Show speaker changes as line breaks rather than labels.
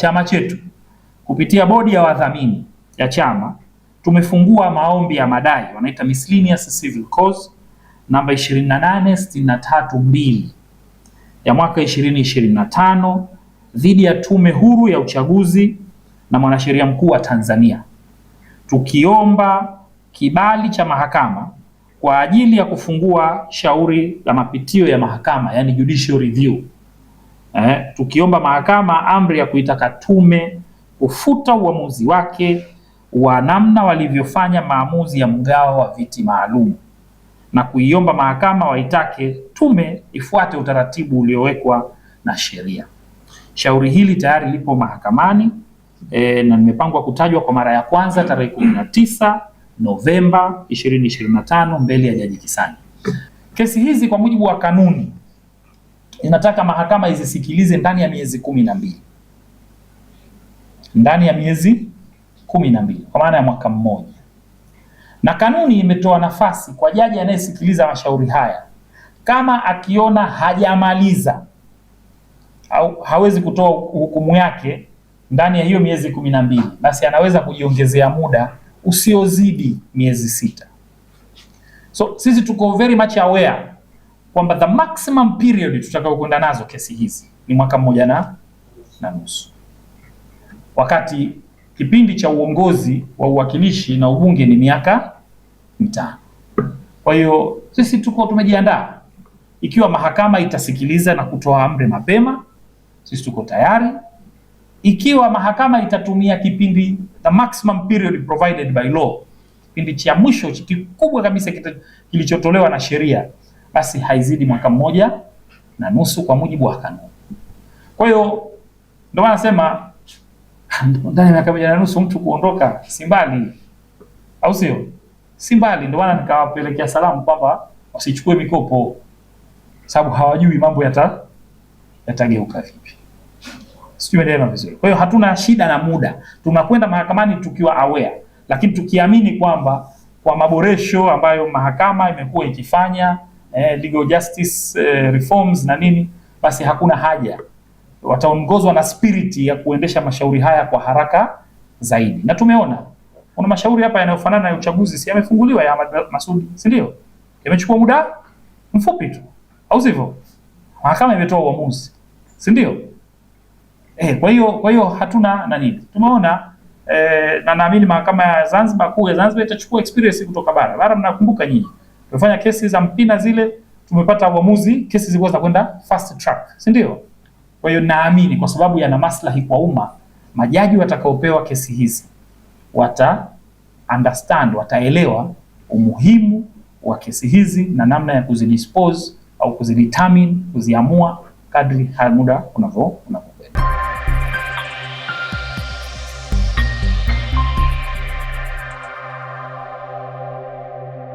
chama chetu kupitia bodi ya wadhamini ya chama tumefungua maombi ya madai wanaita miscellaneous civil cause namba 28632 ya mwaka 2025 dhidi ya Tume Huru ya Uchaguzi na Mwanasheria Mkuu wa Tanzania tukiomba kibali cha mahakama kwa ajili ya kufungua shauri la mapitio ya mahakama, yani judicial review eh, tukiomba mahakama amri ya kuitaka tume kufuta uamuzi wake wa namna walivyofanya maamuzi ya mgao wa viti maalum na kuiomba mahakama waitake tume ifuate utaratibu uliowekwa na sheria. Shauri hili tayari lipo mahakamani e, na nimepangwa kutajwa kwa mara ya kwanza tarehe 19 Novemba 2025 mbele ya Jaji Kisani. Kesi hizi kwa mujibu wa kanuni inataka mahakama izisikilize ndani ya miezi kumi na mbili ndani ya miezi kumi na mbili kwa maana ya mwaka mmoja, na kanuni imetoa nafasi kwa jaji anayesikiliza mashauri haya kama akiona hajamaliza au hawezi kutoa hukumu yake ndani ya hiyo miezi kumi na mbili, basi anaweza kujiongezea muda usiozidi miezi sita. So sisi tuko very much aware kwamba the maximum period kwenda nazo kesi hizi ni mwaka mmoja na, na nusu, wakati kipindi cha uongozi wa uwakilishi na ubunge ni miaka mitano. Kwa hiyo sisi tuko tumejiandaa, ikiwa mahakama itasikiliza na kutoa amri mapema, sisi tuko tayari. Ikiwa mahakama itatumia kipindi the maximum period provided by law, kipindi cha mwisho kikubwa kabisa kilichotolewa na sheria basi haizidi mwaka mmoja na nusu kwa mujibu wa kanuni. Kwa hiyo ndio maana nasema ndani ya miaka moja na nusu mtu kuondoka si mbali, au sio? Si mbali. Ndio maana nikawapelekea salamu kwamba wasichukue mikopo, sababu hawajui mambo yata yatageuka vipi. Sijui vizuri. Kwa hiyo hatuna shida na muda, tunakwenda mahakamani tukiwa aware, lakini tukiamini kwamba kwa maboresho ambayo mahakama imekuwa ikifanya eh, legal justice eh, reforms na nini, basi hakuna haja, wataongozwa na spirit ya kuendesha mashauri haya kwa haraka zaidi. Na tumeona kuna mashauri hapa yanayofanana na uchaguzi, si yamefunguliwa ya Ahmad Masudi, si ndio? Yamechukua muda mfupi tu, au sivyo? Mahakama imetoa uamuzi, si ndio? Eh, kwa hiyo kwa hiyo hatuna nani, tumeona eh, na naamini mahakama ya Zanzibar kuu ya Zanzibar itachukua experience kutoka bara bara, mnakumbuka nyinyi Tumefanya kesi za Mpina zile, tumepata uamuzi, kesi zilikuwa zinakwenda fast track, si ndio? Kwa hiyo naamini kwa sababu yana maslahi kwa umma, majaji watakaopewa kesi hizi wata understand, wataelewa umuhimu wa kesi hizi na namna ya kuzidispose au kuzidetermine, kuziamua kadri muda unavyo